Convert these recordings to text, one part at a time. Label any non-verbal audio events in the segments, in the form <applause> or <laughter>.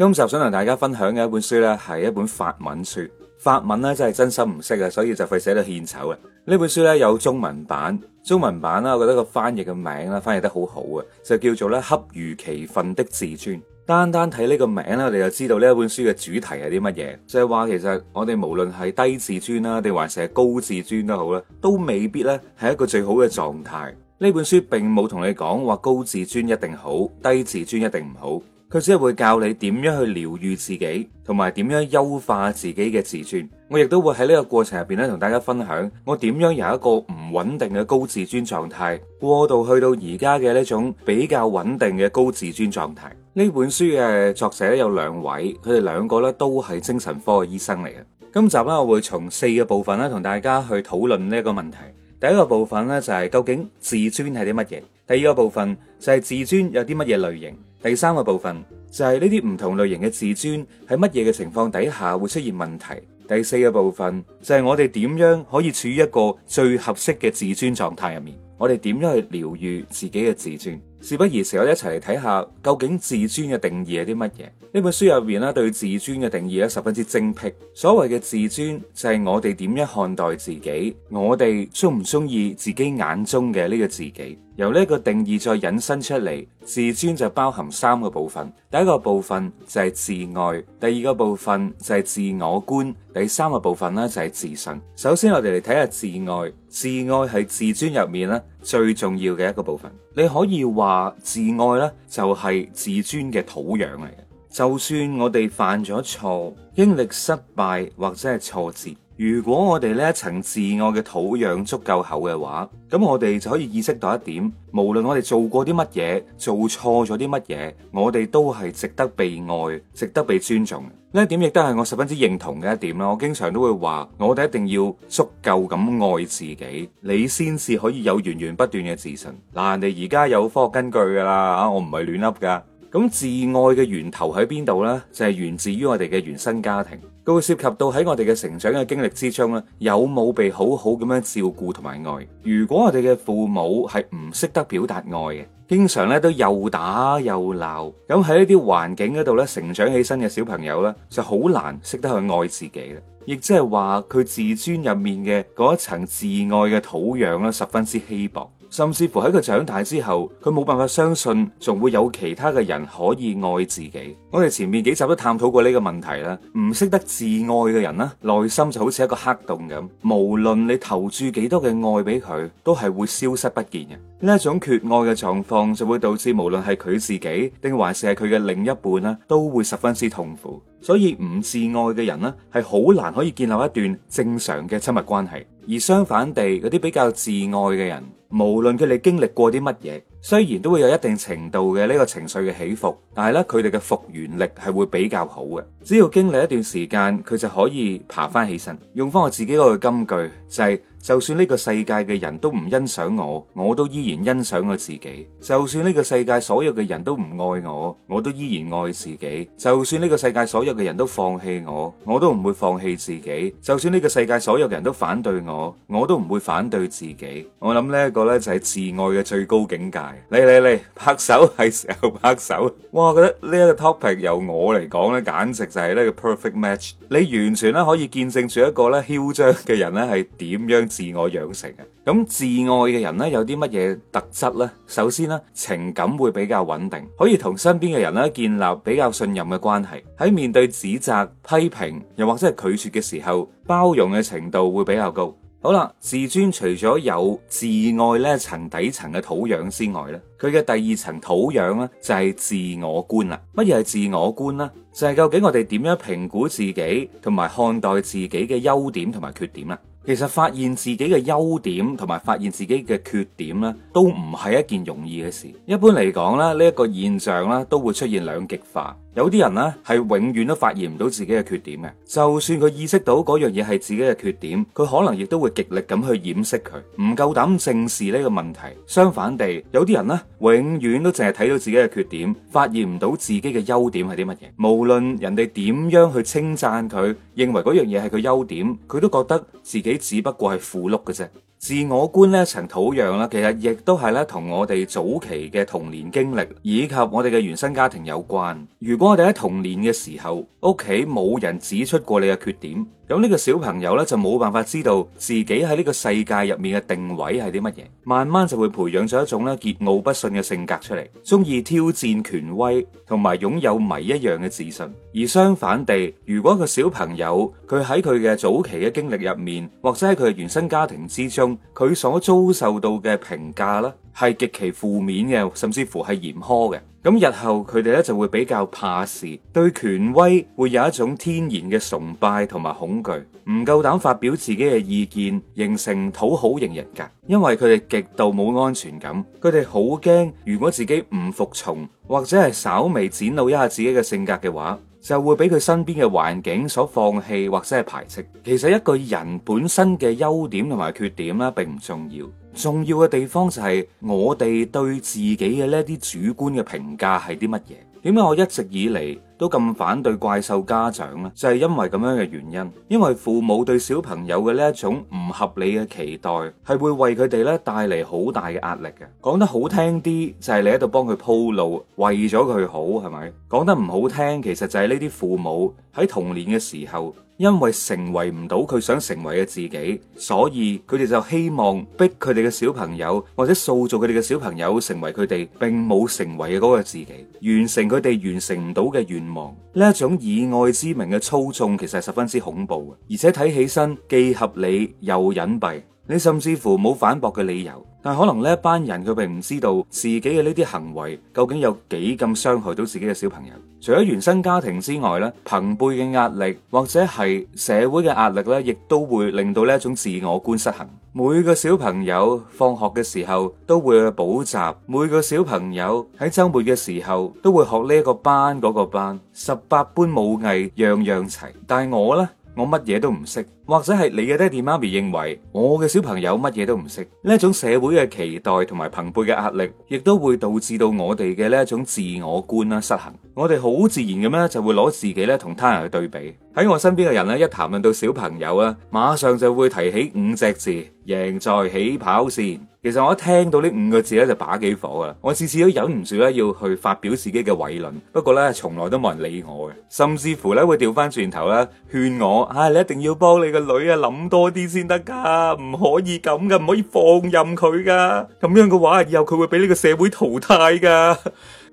今集想同大家分享嘅一本書呢，係一本法文書。法文呢，真係真心唔識啊，所以就費寫到獻醜啦。呢本書呢，有中文版，中文版啦，我覺得個翻譯嘅名啦翻譯得好好啊，就叫做咧恰如其分的自尊。單單睇呢個名啦，我哋就知道呢一本書嘅主題係啲乜嘢，就係話其實我哋無論係低自尊啦，定還是係高自尊都好啦，都未必呢係一個最好嘅狀態。呢本書並冇同你講話高自尊一定好，低自尊一定唔好。佢只係會教你點樣去療愈自己，同埋點樣優化自己嘅自尊。我亦都會喺呢個過程入邊咧，同大家分享我點樣由一個唔穩定嘅高自尊狀態，過渡去到而家嘅呢種比較穩定嘅高自尊狀態。呢本書嘅作者有兩位，佢哋兩個咧都係精神科嘅醫生嚟嘅。今集咧我會從四嘅個部分咧同大家去討論呢個問題。第一個部分咧就係究竟自尊係啲乜嘢？第二個部分就係自尊有啲乜嘢類型？第三個部分就係呢啲唔同類型嘅自尊喺乜嘢嘅情況底下會出現問題。第四個部分就係、是，我哋點樣可以處於一個最合適嘅自尊狀態入面。我哋點樣去療癒自己嘅自尊？事不宜遲，我哋一齊嚟睇下，究竟自尊嘅定義係啲乜嘢。呢本書入面咧對自尊嘅定義咧十分之精闢。所謂嘅自尊就係我哋點樣看待自己，我哋鍾唔鍾意自己眼中嘅呢個自己。由呢一個定義再引申出嚟，自尊就包含三個部分。第一個部分就係自愛，第二個部分就係自我觀，第三個部分咧就係自信。首先，我哋嚟睇下自愛。自愛係自尊入面咧最重要嘅一個部分。你可以話自愛咧就係自尊嘅土壤嚟嘅。就算我哋犯咗錯、經歷失敗或者係挫折。如果我哋呢一層自愛嘅土壤足夠厚嘅話，咁我哋就可以意識到一點：無論我哋做過啲乜嘢，做錯咗啲乜嘢，我哋都係值得被愛、值得被尊重。呢一點亦都係我十分之認同嘅一點啦。我經常都會話：我哋一定要足夠咁愛自己，你先至可以有源源不斷嘅自信。嗱，人哋而家有科學根據噶啦，吓，我唔係亂笠噶。咁自愛嘅源頭喺邊度呢？就係源自於我哋嘅原生家庭。都會涉及到喺我哋嘅成長嘅經歷之中咧，有冇被好好咁樣照顧同埋愛？如果我哋嘅父母係唔識得表達愛嘅，經常咧都又打又鬧，咁喺呢啲環境嗰度咧成長起身嘅小朋友咧，就好難識得去愛自己啦。亦即係話佢自尊入面嘅嗰一層自愛嘅土壤咧，十分之稀薄。甚至乎喺佢長大之後，佢冇辦法相信仲會有其他嘅人可以愛自己。我哋前面幾集都探討過呢個問題啦。唔識得自愛嘅人咧，內心就好似一個黑洞咁，無論你投注幾多嘅愛俾佢，都係會消失不見嘅。呢一種缺愛嘅狀況，就會導致無論係佢自己，定還是係佢嘅另一半啊，都會十分之痛苦。所以唔自愛嘅人咧，係好難可以建立一段正常嘅親密關係。而相反地，嗰啲比較自愛嘅人。無論佢哋經歷過啲乜嘢，雖然都會有一定程度嘅呢個情緒嘅起伏，但係呢，佢哋嘅復原力係會比較好嘅。只要經歷一段時間，佢就可以爬翻起身。用翻我自己嗰個金句就係。就算呢個世界嘅人都唔欣賞我，我都依然欣賞我自己；就算呢個世界所有嘅人都唔愛我，我都依然愛自己；就算呢個世界所有嘅人都放棄我，我都唔會放棄自己；就算呢個世界所有嘅人都反對我，我都唔會反對自己。我諗呢一個咧，就係自愛嘅最高境界。嚟嚟嚟，拍手，係時候拍手。哇，我覺得呢一個 topic 由我嚟講咧，簡直就係呢個 perfect match。你完全咧可以見證住一個咧囂張嘅人咧係點樣。自我養成嘅，咁自愛嘅人咧，有啲乜嘢特質呢？首先呢，情感會比較穩定，可以同身邊嘅人咧建立比較信任嘅關係。喺面對指責、批評，又或者係拒絕嘅時候，包容嘅程度會比較高。好啦，自尊除咗有自愛咧層底層嘅土壤之外咧，佢嘅第二層土壤咧就係自我觀啦。乜嘢係自我觀咧？就係究竟我哋點樣評估自己，同埋看待自己嘅優點同埋缺點啦。其實發現自己嘅優點同埋發現自己嘅缺點咧，都唔係一件容易嘅事。一般嚟講咧，呢一個現象咧，都會出現兩極化。有啲人呢，係永遠都發現唔到自己嘅缺點嘅，就算佢意識到嗰樣嘢係自己嘅缺點，佢可能亦都會極力咁去掩飾佢，唔夠膽正視呢個問題。相反地，有啲人呢永遠都淨係睇到自己嘅缺點，發現唔到自己嘅優點係啲乜嘢？無論人哋點樣去稱讚佢，認為嗰樣嘢係佢優點，佢都覺得自己只不過係符碌嘅啫。自我觀呢一層土壤啦，其實亦都係咧，同我哋早期嘅童年經歷，以及我哋嘅原生家庭有關。如果我哋喺童年嘅時候，屋企冇人指出過你嘅缺點。咁呢個小朋友呢，就冇辦法知道自己喺呢個世界入面嘅定位係啲乜嘢，慢慢就會培養咗一種咧桀驁不馴嘅性格出嚟，中意挑戰權威，同埋擁有迷一樣嘅自信。而相反地，如果個小朋友佢喺佢嘅早期嘅經歷入面，或者喺佢嘅原生家庭之中，佢所遭受到嘅評價啦，係極其負面嘅，甚至乎係嚴苛嘅。咁日後佢哋呢就會比較怕事，對權威會有一種天然嘅崇拜同埋恐懼，唔夠膽發表自己嘅意見，形成討好型人格。因為佢哋極度冇安全感，佢哋好驚如果自己唔服從或者係稍微展露一下自己嘅性格嘅話。就會俾佢身邊嘅環境所放棄或者係排斥。其實一個人本身嘅優點同埋缺點咧，並唔重要。重要嘅地方就係我哋對自己嘅呢啲主觀嘅評價係啲乜嘢？點解我一直以嚟都咁反對怪獸家長咧，就係因為咁樣嘅原因，因為父母對小朋友嘅呢一種唔合理嘅期待，係會為佢哋咧帶嚟好大嘅壓力嘅。講得好聽啲，就係你喺度幫佢鋪路，為咗佢好，係咪？講得唔好聽，其實就係呢啲父母喺童年嘅時候，因為成為唔到佢想成為嘅自己，所以佢哋就希望逼佢哋嘅小朋友，或者塑造佢哋嘅小朋友成為佢哋並冇成為嘅嗰個自己，完成佢哋完成唔到嘅願望呢一種以愛之名嘅操縱，其實十分之恐怖嘅，而且睇起身既合理又隱蔽，你甚至乎冇反駁嘅理由。但可能呢一班人佢並唔知道自己嘅呢啲行為究竟有幾咁傷害到自己嘅小朋友。除咗原生家庭之外咧，朋輩嘅壓力或者係社會嘅壓力咧，亦都會令到呢一種自我觀失衡。每個小朋友放學嘅時候都會去補習，每個小朋友喺周末嘅時候都會學呢一個班嗰個班，十八般武藝樣樣齊。但係我咧。我乜嘢都唔識，或者係你嘅爹地媽咪認為我嘅小朋友乜嘢都唔識，呢一種社會嘅期待同埋朋輩嘅壓力，亦都會導致到我哋嘅呢一種自我觀啦失衡。我哋好自然咁咧，就會攞自己咧同他人去對比。喺我身邊嘅人咧，一談論到小朋友啊，馬上就會提起五隻字：贏在起跑線。其實我一聽到呢五個字咧，就把幾火噶。我次次都忍唔住咧，要去發表自己嘅偉論。不過呢，從來都冇人理我嘅，甚至乎呢，會調翻轉頭啦，勸我：唉、啊，你一定要幫你個女啊諗多啲先得噶唔可以咁噶唔可以放任佢噶。咁樣嘅話，以後佢會俾呢個社會淘汰噶。 <laughs>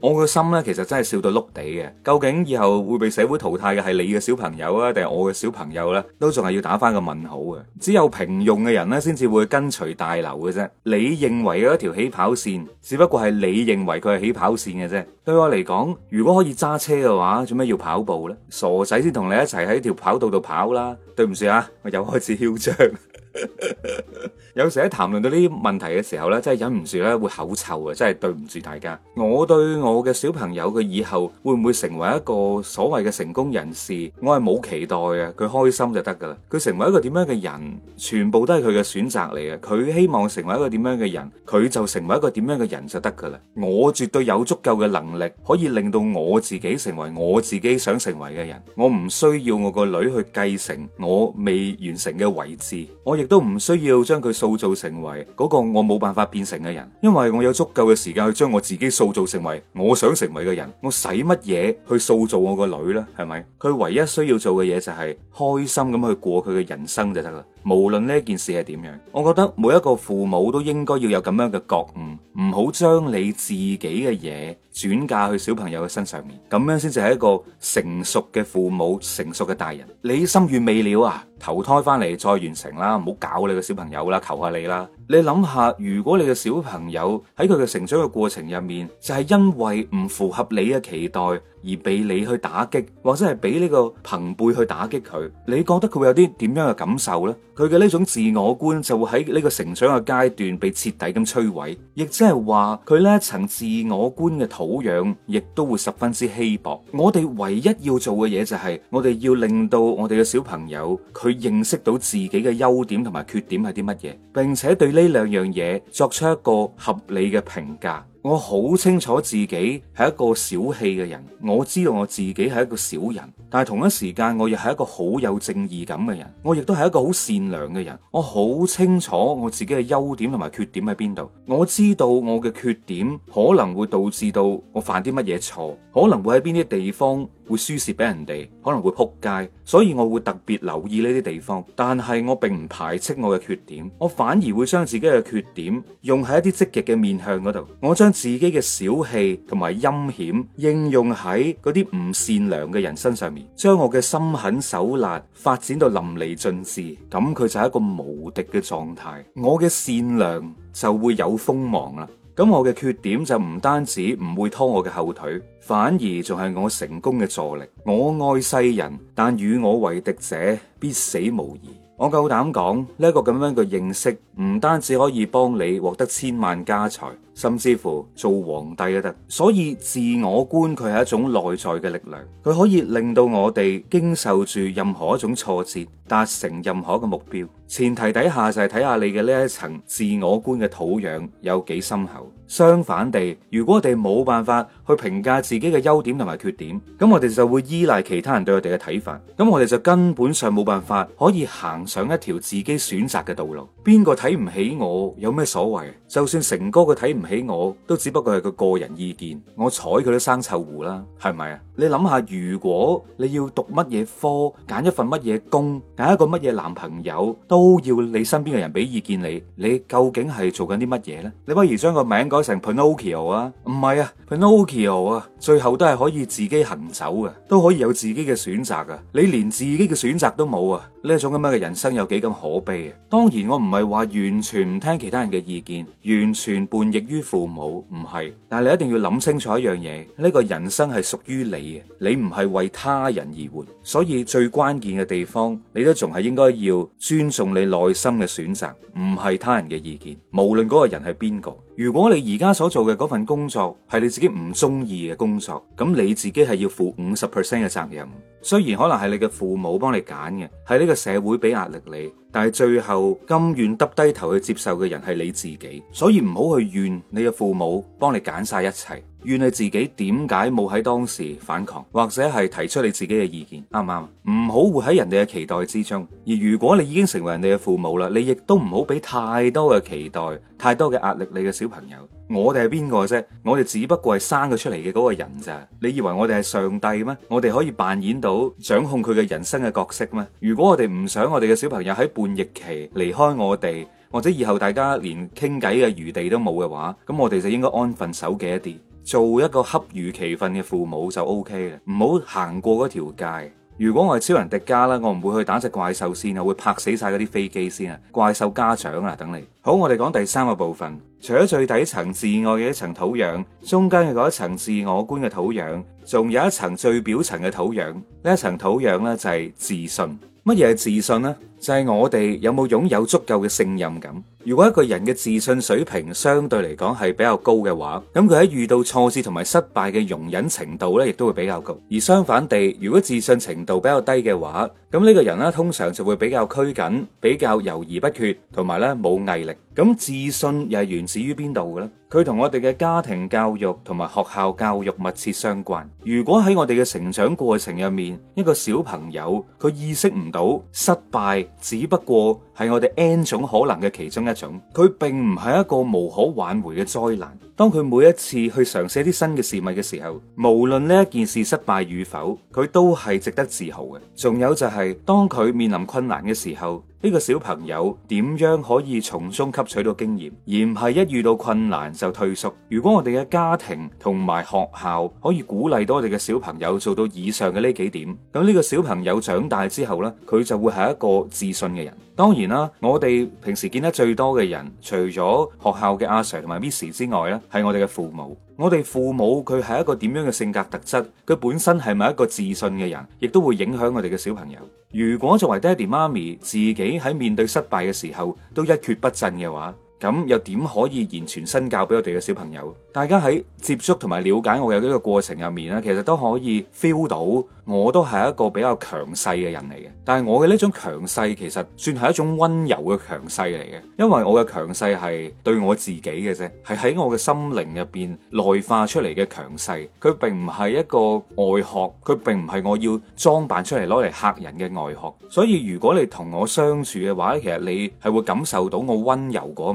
我個心咧，其實真係笑到碌地嘅。究竟以後會被社會淘汰嘅係你嘅小朋友啊，定係我嘅小朋友呢？都仲係要打翻個問號嘅。只有平庸嘅人咧，先至會跟隨大流嘅啫。你認為嘅一條起跑線，只不過係你認為佢係起跑線嘅啫。對我嚟講，如果可以揸車嘅話，做咩要跑步呢？傻仔先同你一齊喺條跑道度跑啦，對唔住啊！我又開始囂張。 <laughs> <laughs> 有時喺談論到呢啲問題嘅時候呢，真係忍唔住咧會口臭啊！真係對唔住大家。我對我嘅小朋友，佢以後會唔會成為一個所謂嘅成功人士，我係冇期待嘅。佢開心就得㗎喇。佢成為一個點樣嘅人，全部都係佢嘅選擇嚟嘅。佢希望成為一個點樣嘅人，佢就成為一個點樣嘅人就得㗎喇。我絕對有足夠嘅能力，可以令到我自己成為我自己想成為嘅人。我唔需要我個女去繼承我未完成嘅位置，我亦。亦都唔需要將佢塑造成為嗰個我冇辦法變成嘅人，因為我有足夠嘅時間去將我自己塑造成為我想成為嘅人。我使乜嘢去塑造我個女呢？係咪？佢唯一需要做嘅嘢就係開心咁去過佢嘅人生就得啦。無論呢件事係點樣，我覺得每一個父母都應該要有咁樣嘅覺悟，唔好將你自己嘅嘢。轉嫁去小朋友嘅身上面，咁樣先至係一個成熟嘅父母、成熟嘅大人。你心願未了啊，投胎翻嚟再完成啦，唔好搞你個小朋友啦，求下你啦。你諗下，如果你嘅小朋友喺佢嘅成長嘅過程入面，就係因為唔符合你嘅期待而俾你去打擊，或者係俾呢個朋輩去打擊佢，你覺得佢會有啲點樣嘅感受呢？佢嘅呢種自我觀就會喺呢個成長嘅階段被徹底咁摧毀，亦即係話佢呢層自我觀嘅土壤，亦都會十分之稀薄。我哋唯一要做嘅嘢就係，我哋要令到我哋嘅小朋友，佢認識到自己嘅優點同埋缺點係啲乜嘢，並且對呢兩樣嘢作出一個合理嘅評價。我好清楚自己係一個小氣嘅人，我知道我自己係一個小人，但係同一時間我又係一個好有正義感嘅人，我亦都係一個好善良嘅人。我好清楚我自己嘅優點同埋缺點喺邊度，我知道我嘅缺點可能會導致到我犯啲乜嘢錯，可能會喺邊啲地方會輸蝕俾人哋，可能會撲街，所以我會特別留意呢啲地方。但係我並唔排斥我嘅缺點，我反而會將自己嘅缺點用喺一啲積極嘅面向嗰度，我將。自己嘅小氣同埋陰險應用喺嗰啲唔善良嘅人身上面，將我嘅心狠手辣發展到淋漓盡致，咁佢就係一個無敵嘅狀態。我嘅善良就會有鋒芒啦。咁我嘅缺點就唔單止唔會拖我嘅後腿，反而仲係我成功嘅助力。我愛世人，但與我為敵者，必死無疑。我夠膽講呢一個咁樣嘅認識，唔單止可以幫你獲得千萬家財，甚至乎做皇帝都得。所以自我觀佢係一種內在嘅力量，佢可以令到我哋經受住任何一種挫折，達成任何一個目標。前提底下就係睇下你嘅呢一層自我觀嘅土壤有幾深厚。相反地，如果我哋冇辦法去評價自己嘅優點同埋缺點，咁我哋就會依賴其他人對我哋嘅睇法，咁我哋就根本上冇辦法可以行上一條自己選擇嘅道路。邊個睇唔起我，有咩所謂？就算成哥佢睇唔起我，都只不過係佢個，個人意見，我睬佢都生臭狐啦，係咪啊？你諗下，如果你要讀乜嘢科，揀一份乜嘢工，揀一個乜嘢男朋友，都要你身邊嘅人俾意見你，你究竟係做緊啲乜嘢呢？你不如將個名。改成 Pinocchio 啊，唔係啊，Pinocchio 啊，最後都係可以自己行走嘅，都可以有自己嘅選擇噶，你連自己嘅選擇都冇啊。呢一種咁樣嘅人生有幾咁可悲啊！當然我唔係話完全唔聽其他人嘅意見，完全叛逆於父母唔係，但係你一定要諗清楚一樣嘢，呢個人生係屬於你嘅，你唔係為他人而活，所以最關鍵嘅地方，你都仲係應該要尊重你內心嘅選擇，唔係他人嘅意見，無論嗰個人係邊個。如果你而家所做嘅嗰份工作係你自己唔中意嘅工作，咁你自己係要負五十 percent 嘅責任。雖然可能係你嘅父母幫你揀嘅，係呢個。社會俾壓力你，但係最後甘願耷低頭去接受嘅人係你自己，所以唔好去怨你嘅父母，幫你揀晒一切。怨你自己點解冇喺當時反抗，或者係提出你自己嘅意見啱唔啱？唔好活喺人哋嘅期待之中。而如果你已經成為人哋嘅父母啦，你亦都唔好俾太多嘅期待，太多嘅壓力你嘅小朋友。我哋係邊個啫？我哋只不過係生咗出嚟嘅嗰個人咋？你以為我哋係上帝咩？我哋可以扮演到掌控佢嘅人生嘅角色咩？如果我哋唔想我哋嘅小朋友喺叛逆期離開我哋，或者以後大家連傾偈嘅餘地都冇嘅話，咁我哋就應該安分守己一啲。做一個恰如其分嘅父母就 OK 啦，唔好行過嗰條街。如果我係超人迪迦啦，我唔會去打隻怪獸先啊，會拍死晒嗰啲飛機先啊。怪獸家長啊，等你。好，我哋講第三個部分。除咗最底層自愛嘅一層土壤，中間嘅嗰一層自我觀嘅土壤，仲有一層最表層嘅土壤。呢一層土壤呢，就係、是、自信。乜嘢係自信呢？就係、是、我哋有冇擁有，有足夠嘅勝任感。如果一個人嘅自信水平相對嚟講係比較高嘅話，咁佢喺遇到挫折同埋失敗嘅容忍程度咧，亦都會比較高。而相反地，如果自信程度比較低嘅話，咁呢個人咧通常就會比較拘謹、比較猶豫不決，同埋咧冇毅力。咁自信又係源自於邊度嘅咧？佢同我哋嘅家庭教育同埋學校教育密切相關。如果喺我哋嘅成長過程入面，一個小朋友佢意識唔到失敗只不過係我哋 N 種可能嘅其中一。佢並唔係一個無可挽回嘅災難。當佢每一次去嘗試啲新嘅事物嘅時候，無論呢一件事失敗與否，佢都係值得自豪嘅。仲有就係，當佢面臨困難嘅時候。呢個小朋友點樣可以從中吸取到經驗，而唔係一遇到困難就退縮？如果我哋嘅家庭同埋學校可以鼓勵到我哋嘅小朋友做到以上嘅呢幾點，咁呢個小朋友長大之後呢，佢就會係一個自信嘅人。當然啦，我哋平時見得最多嘅人，除咗學校嘅阿 Sir 同埋 Miss 之外咧，係我哋嘅父母。我哋父母佢係一個點樣嘅性格特質？佢本身係咪一個自信嘅人，亦都會影響我哋嘅小朋友。如果作為爹哋媽咪自己，喺面對失敗嘅時候，都一蹶不振嘅話。咁又點可以言傳身教俾我哋嘅小朋友？大家喺接觸同埋了解我嘅呢個過程入面咧，其實都可以 feel 到我都係一個比較強勢嘅人嚟嘅。但係我嘅呢種強勢其實算係一種溫柔嘅強勢嚟嘅，因為我嘅強勢係對我自己嘅啫，係喺我嘅心靈入邊內化出嚟嘅強勢。佢並唔係一個外殼，佢並唔係我要裝扮出嚟攞嚟嚇人嘅外殼。所以如果你同我相處嘅話咧，其實你係會感受到我溫柔嗰。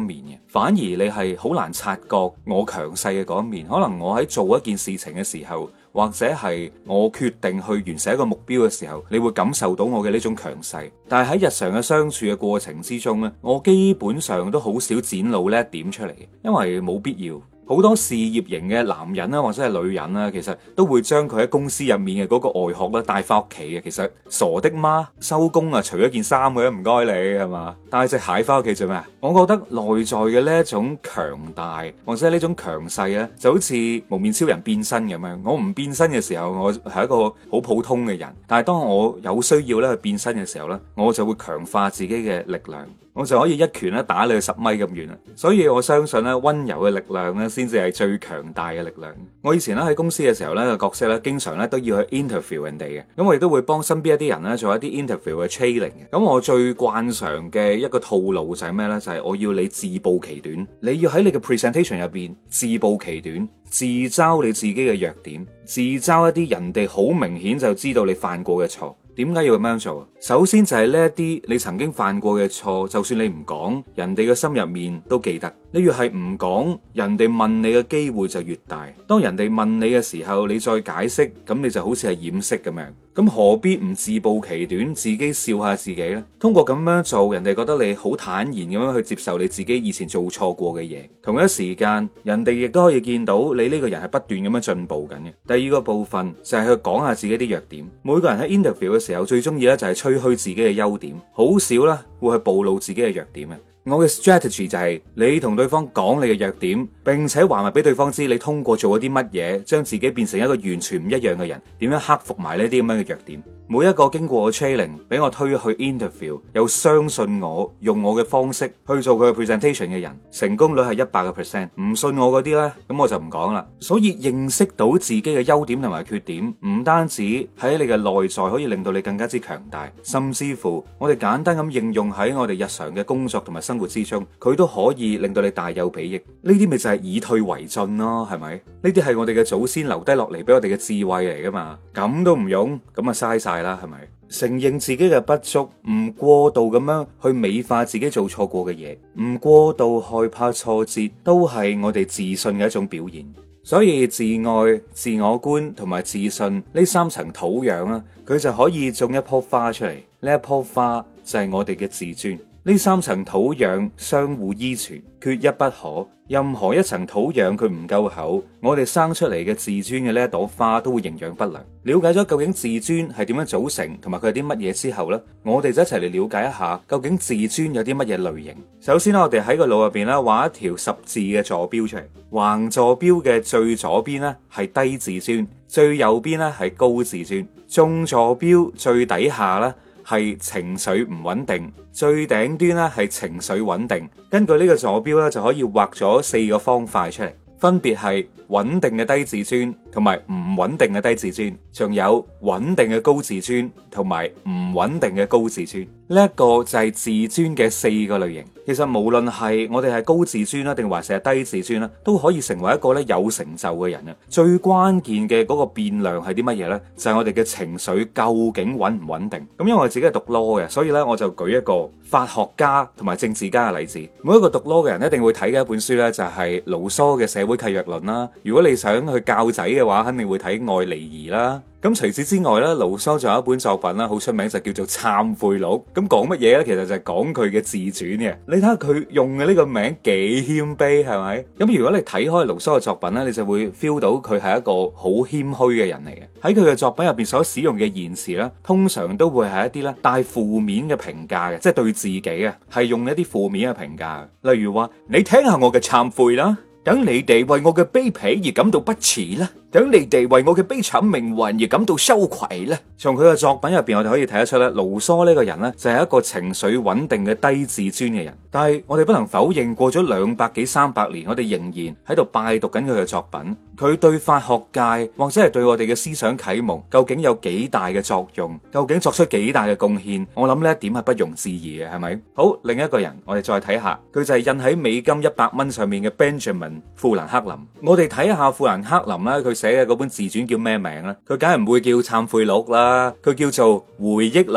反而你係好難察覺我強勢嘅嗰一面，可能我喺做一件事情嘅時候，或者係我決定去完成一個目標嘅時候，你會感受到我嘅呢種強勢。但係喺日常嘅相處嘅過程之中呢，我基本上都好少展露呢一點出嚟，因為冇必要。好多事業型嘅男人啦，或者係女人啦，其實都會將佢喺公司入面嘅嗰個外殼啦帶翻屋企嘅。其實傻的媽收工啊，除咗件衫佢，唔該你係嘛，帶隻蟹翻屋企做咩？我覺得內在嘅呢一種強大或者係呢種強勢咧，就好似蒙面超人變身咁樣。我唔變身嘅時候，我係一個好普通嘅人。但係當我有需要咧去變身嘅時候咧，我就會強化自己嘅力量。我就可以一拳咧打你十米咁遠啦，所以我相信咧温柔嘅力量咧，先至係最強大嘅力量。我以前咧喺公司嘅時候咧，角色咧經常咧都要去 interview 人哋嘅，咁我亦都會幫身邊一啲人咧做一啲 interview 嘅 training。咁我最慣常嘅一個套路就係咩咧？就係、是、我要你自暴其短，你要喺你嘅 presentation 入邊自暴其短，自嘲你自己嘅弱點，自嘲一啲人哋好明顯就知道你犯過嘅錯。點解要咁樣做？首先就係呢一啲你曾經犯過嘅錯，就算你唔講，人哋嘅心入面都記得。你越係唔講，人哋問你嘅機會就越大。當人哋問你嘅時候，你再解釋，咁你就好似係掩飾咁樣。咁何必唔自暴其短，自己笑下自己呢？通過咁樣做，人哋覺得你好坦然咁樣去接受你自己以前做錯過嘅嘢，同一時間，人哋亦都可以見到你呢個人係不斷咁樣進步緊嘅。第二個部分就係去講下自己啲弱點。每個人喺 interview 嘅時候最中意咧就係吹噓自己嘅優點，好少喇會去暴露自己嘅弱點嘅。我嘅 strategy 就係你同對方講你嘅弱點，並且話埋俾對方知你通過做一啲乜嘢，將自己變成一個完全唔一樣嘅人，點樣克服埋呢啲咁樣嘅弱點。每一個經過我 training，俾我推去 interview，又相信我用我嘅方式去做佢嘅 presentation 嘅人，成功率係一百個 percent。唔信我嗰啲呢，咁我就唔講啦。所以認識到自己嘅優點同埋缺點，唔單止喺你嘅內在可以令到你更加之強大，甚至乎我哋簡單咁應用喺我哋日常嘅工作同埋生活之中，佢都可以令到你大有裨益。呢啲咪就係以退為進咯，係咪？呢啲係我哋嘅祖先留低落嚟俾我哋嘅智慧嚟噶嘛？咁都唔用，咁啊嘥晒。啦，係咪承認自己嘅不足，唔過度咁樣去美化自己做錯過嘅嘢，唔過度害怕挫折，都係我哋自信嘅一種表現。所以，自愛、自我觀同埋自信呢三層土壤啊，佢就可以種一棵花出嚟。呢一棵花就係我哋嘅自尊。呢三層土壤相互依存，缺一不可。任何一層土壤佢唔夠厚，我哋生出嚟嘅自尊嘅呢一朵花都會營養不良。了解咗究竟自尊係點樣組成，同埋佢係啲乜嘢之後呢，我哋就一齊嚟了解一下究竟自尊有啲乜嘢類型。首先我哋喺個腦入邊咧畫一條十字嘅坐標出嚟，橫坐標嘅最左邊呢係低自尊，最右邊呢係高自尊，縱坐標最底下呢。係情緒唔穩定，最頂端咧係情緒穩定。根據呢個坐標咧，就可以畫咗四個方塊出嚟，分別係穩定嘅低自尊，同埋唔穩定嘅低自尊，仲有穩定嘅高自尊，同埋唔穩定嘅高自尊。呢一個就係自尊嘅四個類型。其實無論係我哋係高自尊啦，定話成日低自尊啦，都可以成為一個咧有成就嘅人啊！最關鍵嘅嗰個變量係啲乜嘢呢？就係、是、我哋嘅情緒究竟穩唔穩定？咁因為我自己係讀 law 嘅，所以呢，我就舉一個法學家同埋政治家嘅例子。每一個讀 law 嘅人一定會睇嘅一本書呢、就是，就係盧梭嘅《社會契約論》啦。如果你想去教仔嘅話，肯定會睇愛彌爾啦。咁除此之外咧，盧梭仲有一本作品啦，好出名就叫做《懺悔錄》。咁講乜嘢咧？其實就係講佢嘅自傳嘅。你睇下佢用嘅呢個名幾謙卑，係咪？咁如果你睇開盧梭嘅作品咧，你就會 feel 到佢係一個好謙虛嘅人嚟嘅。喺佢嘅作品入邊所使用嘅言辭咧，通常都會係一啲咧帶負面嘅評價嘅，即係對自己啊，係用一啲負面嘅評價。例如話，你聽下我嘅懺悔啦，等你哋為我嘅卑鄙而感到不恥啦。等你哋為我嘅悲慘命運而感到羞愧呢？從佢嘅作品入邊，我哋可以睇得出咧，盧梭呢個人呢，就係一個情緒穩定嘅低自尊嘅人。但係我哋不能否認，過咗兩百幾、三百年，我哋仍然喺度拜讀緊佢嘅作品。佢對法學界或者係對我哋嘅思想啟蒙，究竟有幾大嘅作用？究竟作出幾大嘅貢獻？我諗呢一點係不容置疑嘅，係咪？好，另一個人，我哋再睇下，佢就係印喺美金一百蚊上面嘅 Benjamin 富蘭克林。我哋睇下富蘭克林呢。佢。寫嘅嗰本自傳叫咩名啊？佢梗係唔會叫《懺悔錄》啦，佢叫做《回憶錄》。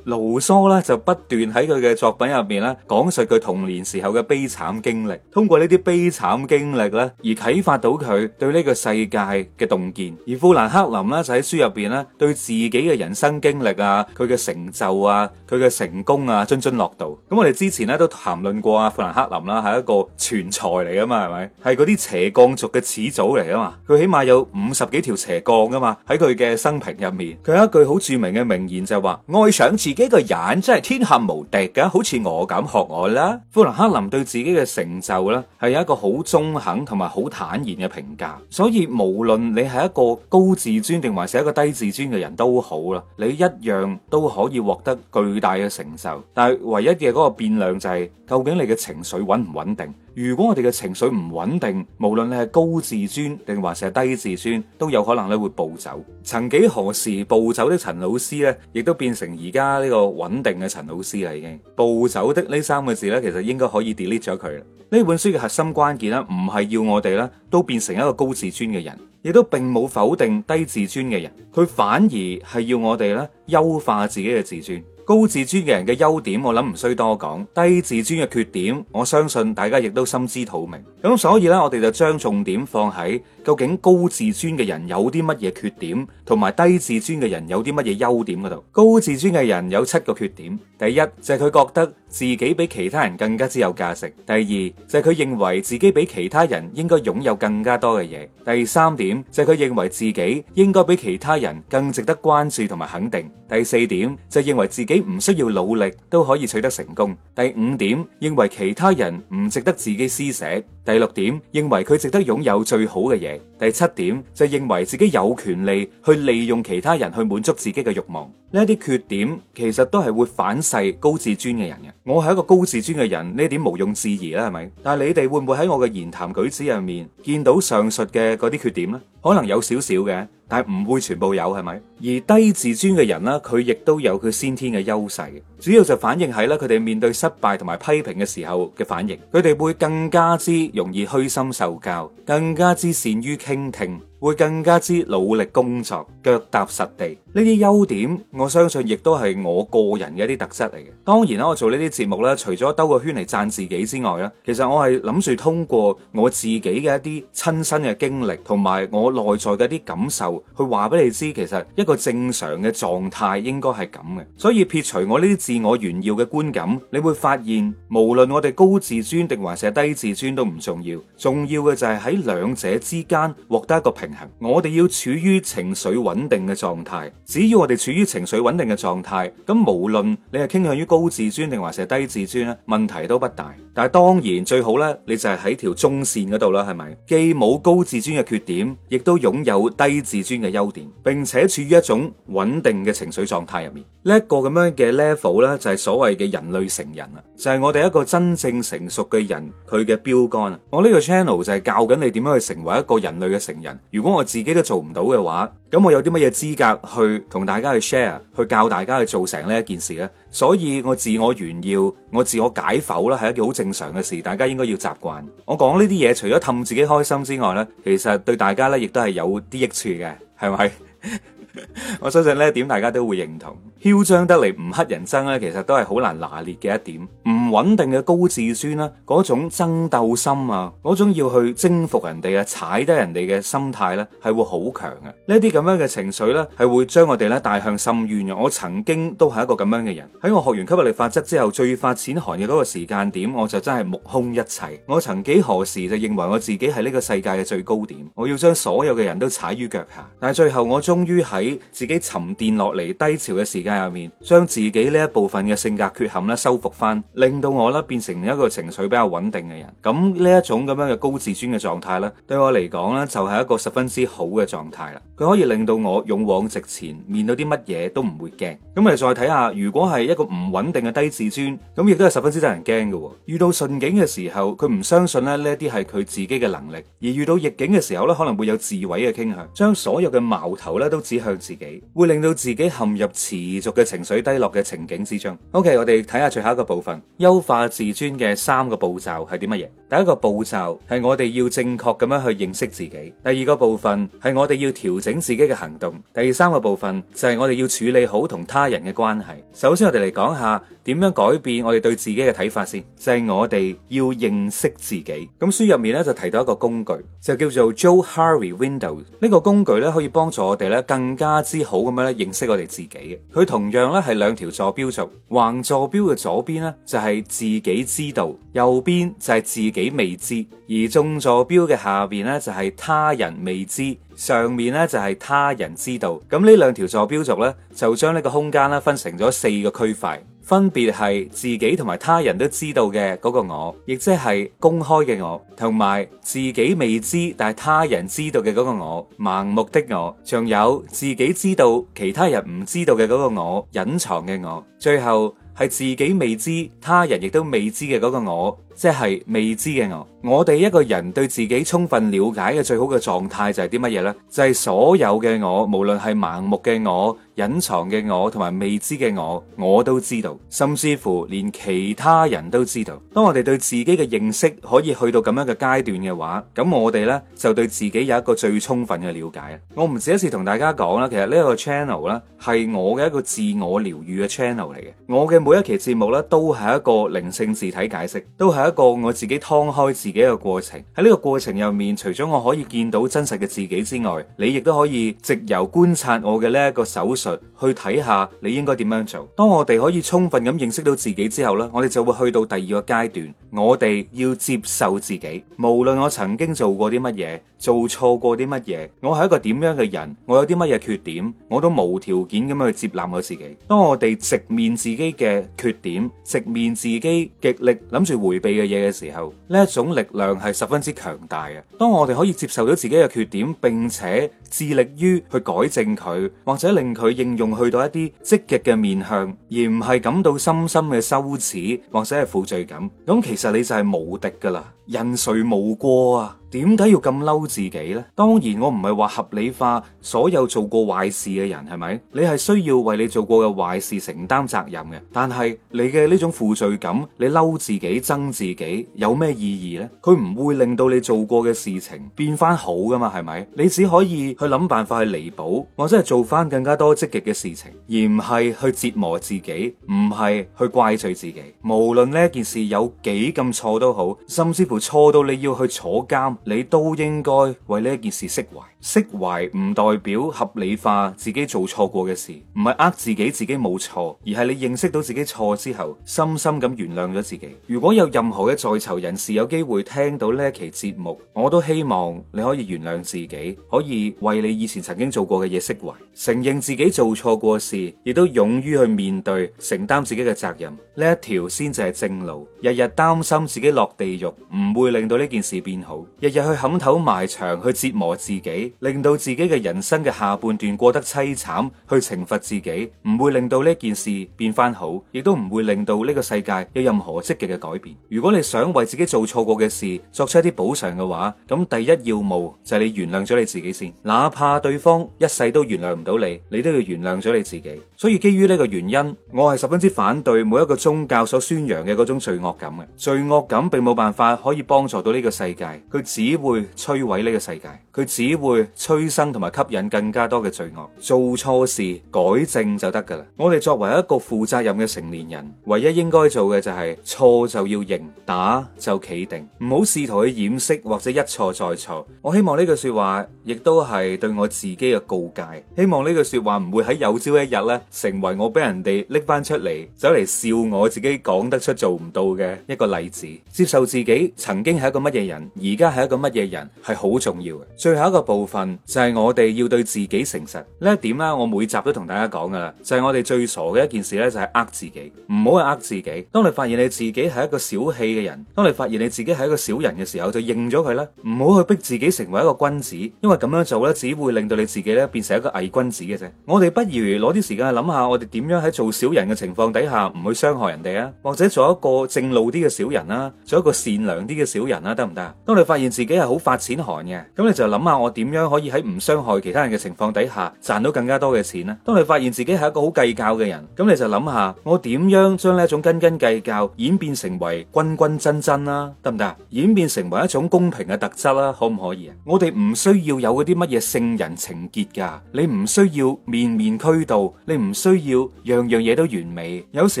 盧梭咧就不斷喺佢嘅作品入邊咧講述佢童年時候嘅悲慘經歷，通過呢啲悲慘經歷咧而啟發到佢對呢個世界嘅洞見，而富蘭克林咧就喺書入邊咧對自己嘅人生經歷啊、佢嘅成就啊、佢嘅成功啊津津樂道。咁、嗯、我哋之前咧都談論過阿富蘭克林啦、啊，係一個全才嚟噶嘛，係咪？係嗰啲斜槓族嘅始祖嚟噶嘛？佢起碼有五十幾條斜槓噶嘛，喺佢嘅生平入面。佢有一句好著名嘅名言就係話：愛想自。一個人真係天下無敵㗎，好似我咁學我啦。富蘭克林對自己嘅成就咧，係有一個好中肯同埋好坦然嘅評價。所以無論你係一個高自尊定還是一個低自尊嘅人都好啦，你一樣都可以獲得巨大嘅成就。但係唯一嘅嗰個變量就係，究竟你嘅情緒穩唔穩定？如果我哋嘅情緒唔穩定，無論你係高自尊定還是低自尊，都有可能咧會暴走。曾幾何時暴走的陳老師咧，亦都變成而家呢個穩定嘅陳老師啦。已經暴走的呢三個字咧，其實應該可以 delete 咗佢。呢本書嘅核心關鍵咧，唔係要我哋咧都變成一個高自尊嘅人，亦都並冇否定低自尊嘅人，佢反而係要我哋咧優化自己嘅自尊。高自尊嘅人嘅優點，我諗唔需多講；低自尊嘅缺點，我相信大家亦都心知肚明。咁，所以咧，我哋就將重點放喺，究竟高自尊嘅人有啲乜嘢缺點，同埋低自尊嘅人有啲乜嘢優點嗰度？高自尊嘅人有七個缺點，第一就係佢覺得自己比其他人更加之有價值，第二就係佢認為自己比其他人應該擁有更加多嘅嘢，第三點就係佢認為自己應該比其他人更值得關注同埋肯定，第四點就認為自己唔需要努力都可以取得成功，第五點認為其他人唔值得自己施捨，第六點認為佢值得擁有最好嘅嘢。第七點就認為自己有權利去利用其他人去滿足自己嘅欲望。呢啲缺點其實都係會反噬高自尊嘅人嘅，我係一個高自尊嘅人，呢一點毋庸置疑啦，係咪？但係你哋會唔會喺我嘅言談舉止入面見到上述嘅嗰啲缺點呢？可能有少少嘅，但係唔會全部有，係咪？而低自尊嘅人呢，佢亦都有佢先天嘅優勢，主要就反映喺咧佢哋面對失敗同埋批評嘅時候嘅反應，佢哋會更加之容易虛心受教，更加之善於傾聽。會更加之努力工作、腳踏實地，呢啲優點，我相信亦都係我個人嘅一啲特質嚟嘅。當然啦，我做呢啲節目咧，除咗兜個圈嚟讚自己之外咧，其實我係諗住通過我自己嘅一啲親身嘅經歷，同埋我內在嘅一啲感受，去話俾你知，其實一個正常嘅狀態應該係咁嘅。所以撇除我呢啲自我炫耀嘅觀感，你會發現，無論我哋高自尊定還是低自尊都唔重要，重要嘅就係喺兩者之間獲得一個平。我哋要處於情緒穩定嘅狀態，只要我哋處於情緒穩定嘅狀態，咁無論你係傾向於高自尊定還是低自尊咧，問題都不大。但係當然最好咧，你就係喺條中線嗰度啦，係咪？既冇高自尊嘅缺點，亦都擁有低自尊嘅優點，並且處於一種穩定嘅情緒狀態入面。呢一個咁樣嘅 level 咧，就係所謂嘅人類成人啦，就係我哋一個真正成熟嘅人佢嘅標杆啊！我呢個 channel 就係教緊你點樣去成為一個人類嘅成人。如果我自己都做唔到嘅話，咁我有啲乜嘢資格去同大家去 share，去教大家去做成呢一件事咧？所以我自我炫耀，我自我解剖啦，係一件好正常嘅事，大家應該要習慣。我講呢啲嘢，除咗氹自己開心之外咧，其實對大家咧亦都係有啲益處嘅，係咪？ <laughs> <laughs> 我相信呢一點，大家都會認同，囂張得嚟唔乞人憎呢，其實都係好難拿捏嘅一點。唔穩定嘅高自尊啦，嗰種爭鬥心啊，嗰種要去征服人哋啊、踩低人哋嘅心態呢，係會好強嘅。呢啲咁樣嘅情緒呢，係會將我哋呢帶向深淵。我曾經都係一個咁樣嘅人，喺我學完吸引力法則之後，最發錢寒嘅嗰個時間點，我就真係目空一切。我曾幾何時就認為我自己係呢個世界嘅最高點，我要將所有嘅人都踩於腳下。但係最後我終於喺自己沉澱落嚟，低潮嘅時間入面，將自己呢一部分嘅性格缺陷咧修復翻，令到我咧變成一個情緒比較穩定嘅人。咁呢一種咁樣嘅高自尊嘅狀態咧，對我嚟講咧就係一個十分之好嘅狀態啦。佢可以令到我勇往直前，面對啲乜嘢都唔會驚。咁我哋再睇下如果係一個唔穩定嘅低自尊，咁亦都係十分之得人驚嘅。遇到順境嘅時候，佢唔相信咧呢一啲係佢自己嘅能力；而遇到逆境嘅時候咧，可能會有自毀嘅傾向，將所有嘅矛頭咧都指向。自己會令到自己陷入持續嘅情緒低落嘅情景之中。OK，我哋睇下最後一個部分，優化自尊嘅三個步驟係啲乜嘢？第一個步驟係我哋要正確咁樣去認識自己。第二個部分係我哋要調整自己嘅行動。第三個部分就係我哋要處理好同他人嘅關係。首先我哋嚟講下點樣改變我哋對自己嘅睇法先，就係我哋要認識自己。咁書入面咧就提到一個工具，就叫做 Johari Window。呢個工具咧可以幫助我哋咧更加之好咁樣咧認識我哋自己嘅。佢同樣咧係兩條坐標軸，橫坐標嘅左邊咧就係自己知道，右邊就係自。己未知，而縱坐標嘅下邊呢，就係他人未知，上面呢，就係他人知道。咁呢兩條坐標軸咧就將呢個空間咧分成咗四個區塊，分別係自己同埋他人都知道嘅嗰個我，亦即係公開嘅我，同埋自己未知但係他人知道嘅嗰個我，盲目的我，仲有自己知道其他人唔知道嘅嗰個我，隱藏嘅我，最後係自己未知他人亦都未知嘅嗰個我。即係未知嘅我，我哋一個人對自己充分了解嘅最好嘅狀態就係啲乜嘢呢？就係、是、所有嘅我，無論係盲目嘅我、隱藏嘅我同埋未知嘅我，我都知道，甚至乎連其他人都知道。當我哋對自己嘅認識可以去到咁樣嘅階段嘅話，咁我哋呢，就對自己有一個最充分嘅了解。我唔止一次同大家講啦，其實呢個 channel 呢係我嘅一個自我療愈嘅 channel 嚟嘅。我嘅每一期節目呢，都係一個靈性字體解釋，都係一個我自己劏開自己嘅過程，喺呢個過程入面，除咗我可以見到真實嘅自己之外，你亦都可以直由觀察我嘅呢一個手術，去睇下你應該點樣做。當我哋可以充分咁認識到自己之後呢，我哋就會去到第二個階段，我哋要接受自己，無論我曾經做過啲乜嘢，做錯過啲乜嘢，我係一個點樣嘅人，我有啲乜嘢缺點，我都無條件咁樣去接納我自己。當我哋直面自己嘅缺點，直面自己極力諗住回避嘅嘢嘅時候，呢一種力量係十分之強大嘅。當我哋可以接受到自己嘅缺點，並且致力於去改正佢，或者令佢應用去到一啲積極嘅面向，而唔係感到深深嘅羞恥或者係負罪感，咁其實你就係無敵㗎喇，人誰無過啊？點解要咁嬲自己呢？當然我唔係話合理化所有做過壞事嘅人，係咪？你係需要為你做過嘅壞事承擔責任嘅。但係你嘅呢種負罪感，你嬲自己、憎自己，有咩意義呢？佢唔會令到你做過嘅事情變翻好噶嘛？係咪？你只可以去諗辦法去彌補，或者係做翻更加多積極嘅事情，而唔係去折磨自己，唔係去怪罪自己。無論呢件事有幾咁錯都好，甚至乎錯到你要去坐監。你都應該為呢件事釋懷，釋懷唔代表合理化自己做錯過嘅事，唔係呃自己自己冇錯，而係你認識到自己錯之後，深深咁原諒咗自己。如果有任何嘅在囚人士有機會聽到呢一期節目，我都希望你可以原諒自己，可以為你以前曾經做過嘅嘢釋懷，承認自己做錯過事，亦都勇於去面對，承擔自己嘅責任。呢一條先至係正路。日日擔心自己落地獄，唔會令到呢件事變好。日日去撼頭埋牆，去折磨自己，令到自己嘅人生嘅下半段過得淒慘，去懲罰自己，唔會令到呢件事變返好，亦都唔會令到呢個世界有任何積極嘅改變。如果你想為自己做錯過嘅事作出一啲補償嘅話，咁第一要務就係你原諒咗你自己先，哪怕對方一世都原諒唔到你，你都要原諒咗你自己。所以基於呢個原因，我係十分之反對每一個宗教所宣揚嘅嗰種罪惡感嘅，罪惡感並冇辦法可以幫助到呢個世界，佢。只會摧毀呢個世界，佢只會催生同埋吸引更加多嘅罪惡。做錯事改正就得㗎喇。我哋作為一個負責任嘅成年人，唯一應該做嘅就係、是、錯就要認，打就企定，唔好試圖去掩飾或者一錯再錯。我希望呢句說話亦都係對我自己嘅告誡。希望呢句說話唔會喺有朝一日咧，成為我俾人哋拎翻出嚟，走嚟笑我自己講得出做唔到嘅一個例子。接受自己曾經係一個乜嘢人，而家係一。個乜嘢人係好重要嘅。最後一個部分就係我哋要對自己誠實。呢一點啦，我每集都同大家講噶啦，就係我哋最傻嘅一件事呢，就係呃自己，唔好去呃自己。當你發現你自己係一個小氣嘅人，當你發現你自己係一個小人嘅時候，就認咗佢啦。唔好去逼自己成為一個君子，因為咁樣做呢，只會令到你自己咧變成一個偽君子嘅啫。我哋不如攞啲時間去諗下，我哋點樣喺做小人嘅情況底下唔去傷害人哋啊？或者做一個正路啲嘅小人啦，做一個善良啲嘅小人啦，得唔得？當你發現，自己係好發錢寒嘅，咁你就諗下我點樣可以喺唔傷害其他人嘅情況底下賺到更加多嘅錢咧？當你發現自己係一個好計較嘅人，咁你就諗下我點樣將呢一種斤斤計較演變成為均均真真啦、啊，得唔得？演變成為一種公平嘅特質啦，可唔可以啊？行行我哋唔需要有嗰啲乜嘢聖人情結噶，你唔需要面面俱到，你唔需要樣樣嘢都完美。有時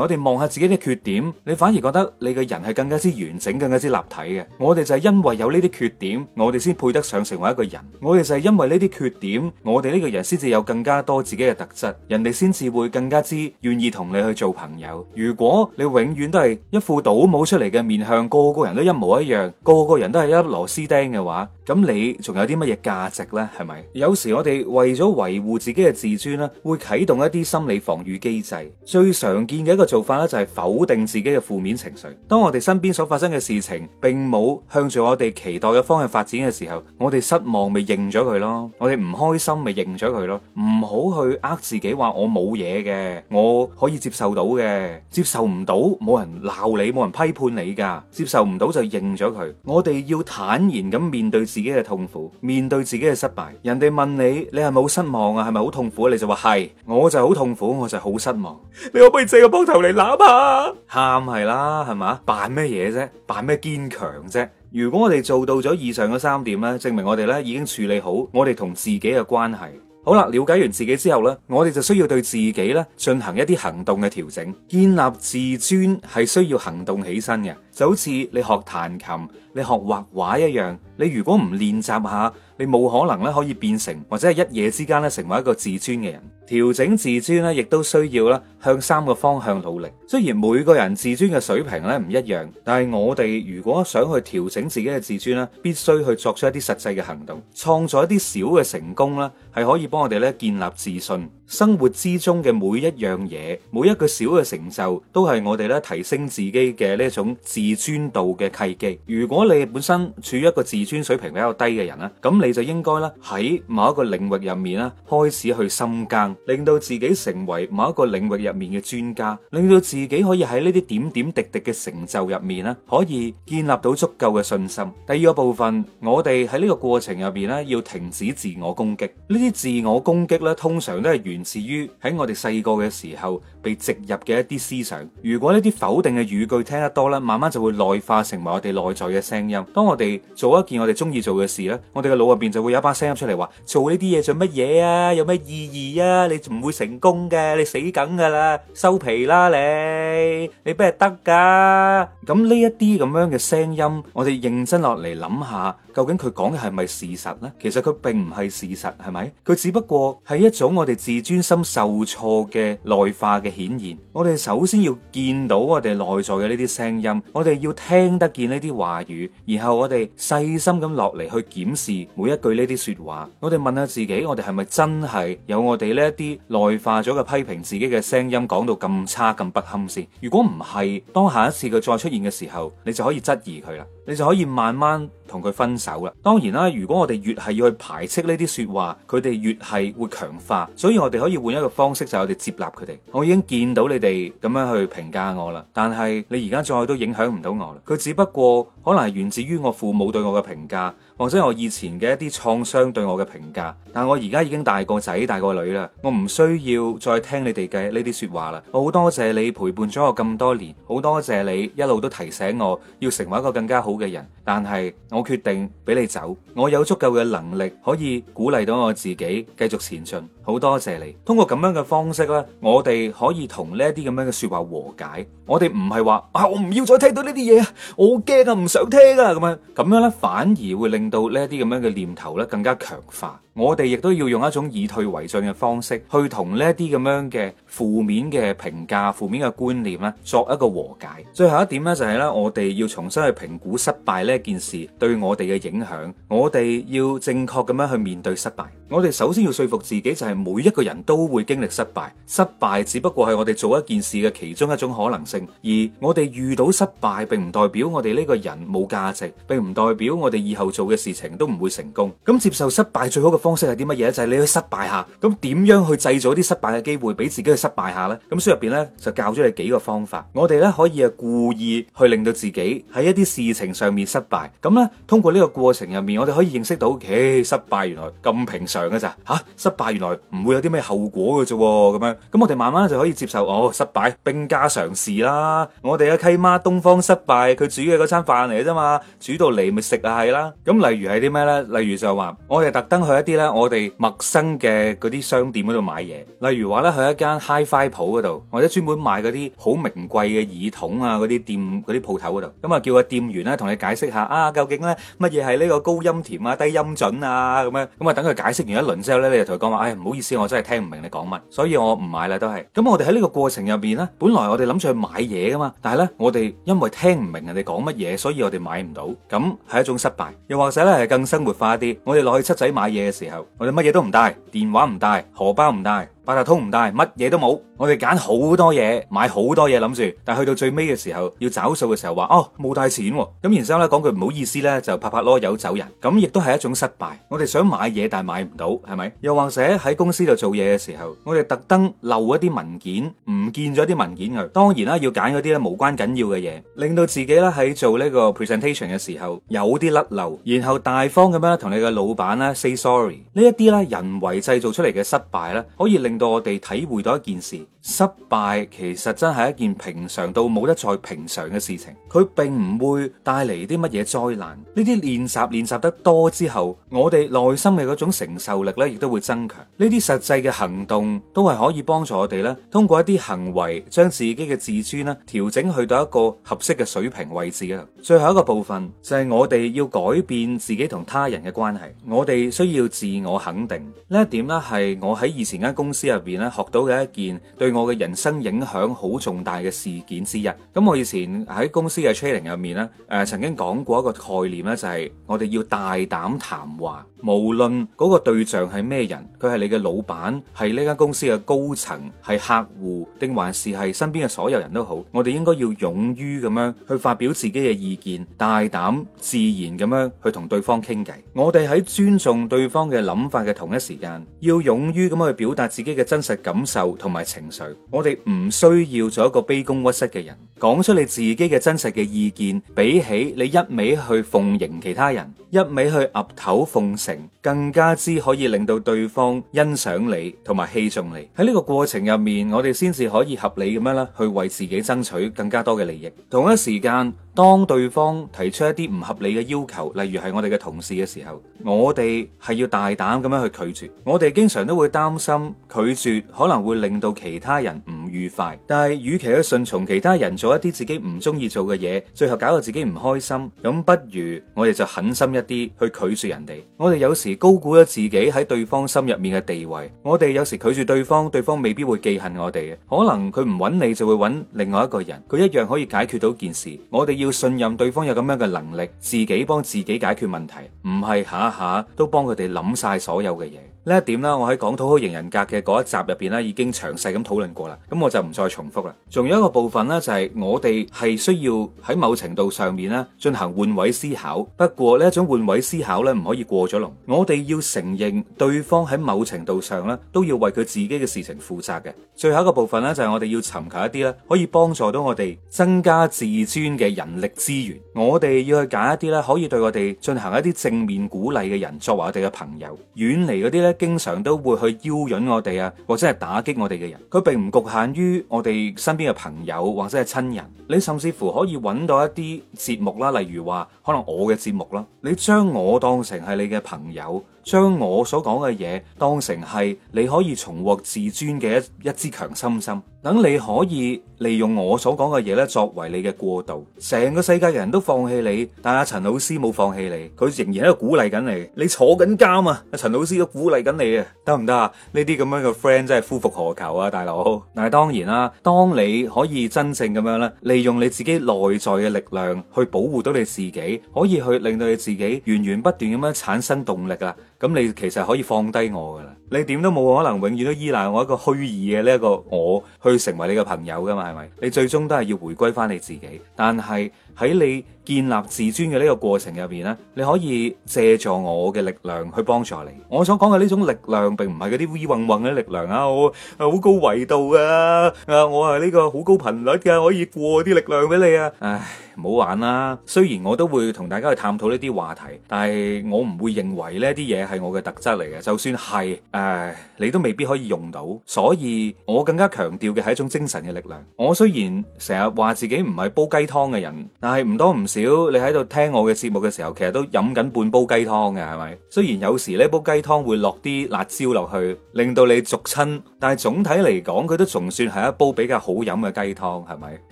我哋望下自己嘅缺點，你反而覺得你嘅人係更加之完整、更加之立體嘅。我哋就係因為有呢啲缺。缺點，我哋先配得上成為一個人。我哋就係因為呢啲缺點，我哋呢個人先至有更加多自己嘅特質，人哋先至會更加之願意同你去做朋友。如果你永遠都係一副倒模出嚟嘅面向，個個人都一模一樣，個個人都係一粒螺絲釘嘅話，咁你仲有啲乜嘢價值呢？係咪？有時我哋為咗維護自己嘅自尊咧，會啟動一啲心理防禦機制。最常見嘅一個做法咧，就係否定自己嘅負面情緒。當我哋身邊所發生嘅事情，並冇向住我哋期待。嘅方向發展嘅時候，我哋失望咪認咗佢咯，我哋唔開心咪認咗佢咯，唔好去呃自己話我冇嘢嘅，我可以接受到嘅。接受唔到冇人鬧你，冇人批判你噶，接受唔到就認咗佢。我哋要坦然咁面對自己嘅痛苦，面對自己嘅失敗。人哋問你，你係咪好失望啊？係咪好痛苦？你就話係，我就好痛苦，我就好失望。你可唔可以借個膊頭嚟攬下？喊係啦，係嘛？扮咩嘢啫？扮咩堅強啫？如果我哋做到咗以上嘅三點咧，證明我哋咧已經處理好我哋同自己嘅關係。好啦，了解完自己之後咧，我哋就需要對自己咧進行一啲行動嘅調整。建立自尊係需要行動起身嘅。就好似你學彈琴，你學畫畫一樣，你如果唔練習下，你冇可能咧可以變成或者係一夜之間咧成為一個自尊嘅人。調整自尊咧，亦都需要咧向三個方向努力。雖然每個人自尊嘅水平咧唔一樣，但係我哋如果想去調整自己嘅自尊咧，必須去作出一啲實際嘅行動，創造一啲小嘅成功咧，係可以幫我哋咧建立自信。生活之中嘅每一樣嘢，每一個小嘅成就，都係我哋咧提升自己嘅呢種自尊度嘅契機。如果你本身處於一個自尊水平比較低嘅人咧，咁你就應該咧喺某一個領域入面咧開始去深耕，令到自己成為某一個領域入面嘅專家，令到自己可以喺呢啲點點滴滴嘅成就入面咧可以建立到足夠嘅信心。第二個部分，我哋喺呢個過程入邊咧要停止自我攻擊。呢啲自我攻擊咧通常都係源自於喺我哋細個嘅時候被植入嘅一啲思想。如果呢啲否定嘅語句聽得多呢，慢慢就會內化成為我哋內在嘅聲音。當我哋做一件我哋中意做嘅事呢，我哋嘅腦入邊就會有一把聲音出嚟話：做呢啲嘢做乜嘢啊？有咩意義啊？你唔會成功嘅，你死梗噶啦，收皮啦你！你邊係得噶？咁呢一啲咁樣嘅聲音，我哋認真落嚟諗下想想。究竟佢講嘅係咪事實呢？其實佢並唔係事實，係咪？佢只不過係一種我哋自尊心受挫嘅內化嘅顯現。我哋首先要見到我哋內在嘅呢啲聲音，我哋要聽得見呢啲話語，然後我哋細心咁落嚟去檢視每一句呢啲說話。我哋問下自己，我哋係咪真係有我哋呢一啲內化咗嘅批評自己嘅聲音講到咁差咁不堪先？如果唔係，當下一次佢再出現嘅時候，你就可以質疑佢啦，你就可以慢慢。同佢分手啦。當然啦，如果我哋越係要去排斥呢啲説話，佢哋越係會強化。所以我哋可以換一個方式，就係我哋接納佢哋。我已經見到你哋咁樣去評價我啦，但係你而家再都影響唔到我啦。佢只不過可能係源自於我父母對我嘅評價。或者我以前嘅一啲創傷對我嘅評價，但我而家已經大個仔大個女啦，我唔需要再聽你哋嘅呢啲說話啦。我好多謝你陪伴咗我咁多年，好多謝你一路都提醒我要成為一個更加好嘅人。但係我決定俾你走，我有足夠嘅能力可以鼓勵到我自己繼續前進。好多謝你，通過咁樣嘅方式咧，我哋可以同呢一啲咁樣嘅說話和解。我哋唔係話啊，我唔要再聽到呢啲嘢，啊，我好驚啊，唔想聽啊，咁樣咁樣咧，反而會令到呢一啲咁樣嘅念頭咧，更加強化。我哋亦都要用一種以退為進嘅方式，去同呢啲咁樣嘅負面嘅評價、負面嘅觀念咧，作一個和解。最後一點咧就係咧，我哋要重新去評估失敗呢件事對我哋嘅影響。我哋要正確咁樣去面對失敗。我哋首先要說服自己，就係每一個人都會經歷失敗，失敗只不過係我哋做一件事嘅其中一種可能性。而我哋遇到失敗並唔代表我哋呢個人冇價值，並唔代表我哋以後做嘅事情都唔會成功。咁接受失敗最好嘅方式係啲乜嘢？就係、是、你去失敗下，咁點樣去製造啲失敗嘅機會，俾自己去失敗下呢？咁書入邊呢，就教咗你幾個方法。我哋呢，可以啊故意去令到自己喺一啲事情上面失敗，咁呢，通過呢個過程入面，我哋可以認識到，誒失敗原來咁平常嘅咋吓？失敗原來唔、啊、會有啲咩後果嘅啫，咁樣咁我哋慢慢就可以接受哦失敗兵家常事啦。我哋嘅契媽東方失敗，佢煮嘅嗰餐飯嚟嘅咋嘛，煮到嚟咪食又係啦。咁例如係啲咩呢？例如就話我哋特登去一啲。我哋陌生嘅嗰啲商店嗰度買嘢，例如話咧去一間 Hi-Fi 鋪嗰度，或者專門買嗰啲好名貴嘅耳筒啊，嗰啲店嗰啲鋪頭嗰度，咁啊叫個店員咧同你解釋下啊，究竟咧乜嘢係呢個高音甜啊，低音準啊咁樣，咁啊等佢解釋完一輪之後咧，你就同佢講話，唉、哎、唔好意思，我真係聽唔明你講乜，所以我唔買啦都係。咁我哋喺呢個過程入邊咧，本來我哋諗住去買嘢噶嘛，但係咧我哋因為聽唔明人哋講乜嘢，所以我哋買唔到，咁係一種失敗。又或者咧係更生活化啲，我哋落去七仔買嘢嘅時候。我哋乜嘢都唔帶，電話唔帶，荷包唔帶。八達通唔帶，乜嘢都冇，我哋揀好多嘢，買好多嘢諗住，但去到最尾嘅時候要找數嘅時候，話哦冇帶錢喎，咁然之後咧講句唔好意思咧，就拍拍籮柚走人，咁亦都係一種失敗。我哋想買嘢但係買唔到，係咪？又或者喺公司度做嘢嘅時候，我哋特登漏一啲文件，唔見咗啲文件佢，當然啦要揀嗰啲咧無關緊要嘅嘢，令到自己咧喺做呢個 presentation 嘅時候有啲甩漏，然後大方咁樣同你嘅老闆咧 say sorry，呢一啲咧人為製造出嚟嘅失敗咧，可以令。令到我哋體會到一件事。失敗其實真係一件平常到冇得再平常嘅事情，佢並唔會帶嚟啲乜嘢災難。呢啲練習練習得多之後，我哋內心嘅嗰種承受力咧，亦都會增強。呢啲實際嘅行動都係可以幫助我哋咧，通過一啲行為，將自己嘅自尊咧調整去到一個合適嘅水平位置啊。最後一個部分就係、是、我哋要改變自己同他人嘅關係，我哋需要自我肯定。呢一點咧係我喺以前間公司入邊咧學到嘅一件對我嘅人生影響好重大嘅事件之一。咁我以前喺公司嘅 training 入面呢，誒、呃、曾經講過一個概念呢就係、是、我哋要大膽談話，無論嗰個對象係咩人，佢係你嘅老闆，係呢間公司嘅高層，係客戶，定還是係身邊嘅所有人都好，我哋應該要勇於咁樣去發表自己嘅意見，大膽自然咁樣去同對方傾偈。我哋喺尊重對方嘅諗法嘅同一時間，要勇於咁樣去表達自己嘅真實感受同埋情緒。我哋唔需要做一個卑躬屈膝嘅人，講出你自己嘅真實嘅意見，比起你一味去奉迎其他人，一味去岌頭奉承，更加之可以令到對方欣賞你同埋器重你。喺呢個過程入面，我哋先至可以合理咁樣啦，去為自己爭取更加多嘅利益，同一時間。當對方提出一啲唔合理嘅要求，例如係我哋嘅同事嘅時候，我哋係要大膽咁樣去拒絕。我哋經常都會擔心拒絕可能會令到其他人唔愉快，但係與其去順從其他人做一啲自己唔中意做嘅嘢，最後搞到自己唔開心，咁不如我哋就狠心一啲去拒絕人哋。我哋有時高估咗自己喺對方心入面嘅地位，我哋有時拒絕對方，對方未必會記恨我哋嘅，可能佢唔揾你就會揾另外一個人，佢一樣可以解決到件事。我哋要。要信任對方有咁樣嘅能力，自己幫自己解決問題，唔係下下都幫佢哋諗晒所有嘅嘢。呢一點啦，我喺《講討好型人格》嘅嗰一集入邊咧已經詳細咁討論過啦，咁我就唔再重複啦。仲有一個部分呢，就係我哋係需要喺某程度上面呢進行換位思考。不過呢一種換位思考呢，唔可以過咗龍。我哋要承認對方喺某程度上呢都要為佢自己嘅事情負責嘅。最後一個部分呢，就係我哋要尋求一啲咧可以幫助到我哋增加自尊嘅人力資源。我哋要去揀一啲咧可以對我哋進行一啲正面鼓勵嘅人作為我哋嘅朋友，遠離嗰啲呢，經常都會去邀引我哋啊，或者係打擊我哋嘅人，佢並唔局限於我哋身邊嘅朋友或者係親人，你甚至乎可以揾到一啲節目啦，例如話可能我嘅節目啦，你將我當成係你嘅朋友。將我所講嘅嘢，當成係你可以重獲自尊嘅一一支強心針，等你可以利用我所講嘅嘢咧作為你嘅過渡。成個世界人都放棄你，但阿陳老師冇放棄你，佢仍然喺度鼓勵緊你。你坐緊監啊，阿陳老師都鼓勵緊你啊，得唔得啊？呢啲咁樣嘅 friend 真係夫復何求啊，大佬。但係，當然啦，當你可以真正咁樣咧，利用你自己內在嘅力量去保護到你自己，可以去令到你自己源源不斷咁樣產生動力啦。咁你其實可以放低我㗎啦。你點都冇可能永遠都依賴我一個虛擬嘅呢個我去成為你嘅朋友噶嘛係咪？你最終都係要回歸翻你自己。但係喺你建立自尊嘅呢個過程入邊咧，你可以借助我嘅力量去幫助你。我所講嘅呢種力量，並唔係嗰啲威運運嘅力量啊，我好高維度噶，啊我係呢個好高頻率嘅，可以過啲力量俾你啊。唉，唔好玩啦。雖然我都會同大家去探討呢啲話題，但係我唔會認為呢啲嘢係我嘅特質嚟嘅，就算係。誒，你都未必可以用到，所以我更加強調嘅係一種精神嘅力量。我雖然成日話自己唔係煲雞湯嘅人，但係唔多唔少，你喺度聽我嘅節目嘅時候，其實都飲緊半煲雞湯嘅，係咪？雖然有時呢煲雞湯會落啲辣椒落去，令到你俗親，但係總體嚟講，佢都仲算係一煲比較好飲嘅雞湯，係咪？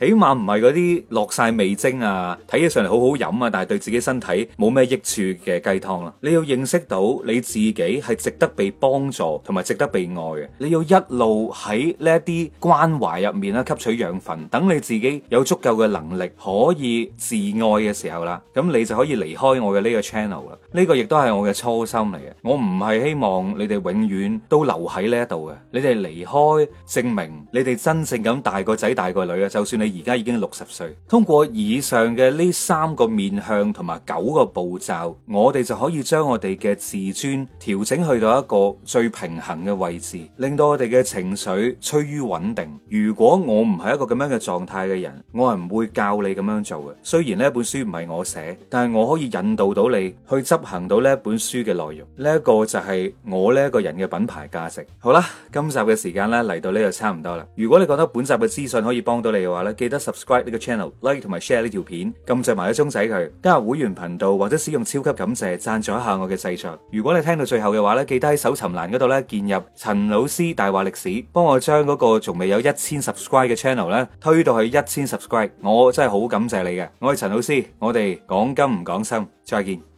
起碼唔係嗰啲落晒味精啊，睇起上嚟好好飲啊，但係對自己身體冇咩益處嘅雞湯啦、啊。你要認識到你自己係值得被幫。同埋值得被愛嘅，你要一路喺呢一啲關懷入面咧吸取養分，等你自己有足夠嘅能力可以自愛嘅時候啦，咁你就可以離開我嘅呢個 channel 啦。呢個亦都係我嘅初心嚟嘅，我唔係希望你哋永遠都留喺呢一度嘅，你哋離開證明你哋真正咁大個仔大個女啊！就算你而家已經六十歲，通過以上嘅呢三個面向同埋九個步驟，我哋就可以將我哋嘅自尊調整去到一個最。去平衡嘅位置，令到我哋嘅情緒趨於穩定。如果我唔係一個咁樣嘅狀態嘅人，我係唔會教你咁樣做嘅。雖然呢一本書唔係我寫，但係我可以引導到你去執行到呢一本書嘅內容。呢一個就係我呢一個人嘅品牌價值。好啦，今集嘅時間咧嚟到呢度差唔多啦。如果你覺得本集嘅資訊可以幫到你嘅話咧，記得 subscribe 呢個 channel，like 同埋 share 呢條片，撳著埋個鐘仔佢，加入會員頻道或者使用超級感謝，贊助一下我嘅製作。如果你聽到最後嘅話咧，記得喺搜尋欄。嗰度咧，建入陳老師大話歷史，幫我將嗰個仲未有一千 subscribe 嘅 channel 咧，推到去一千 subscribe。我真係好感謝你嘅，我係陳老師，我哋講金唔講心，再見。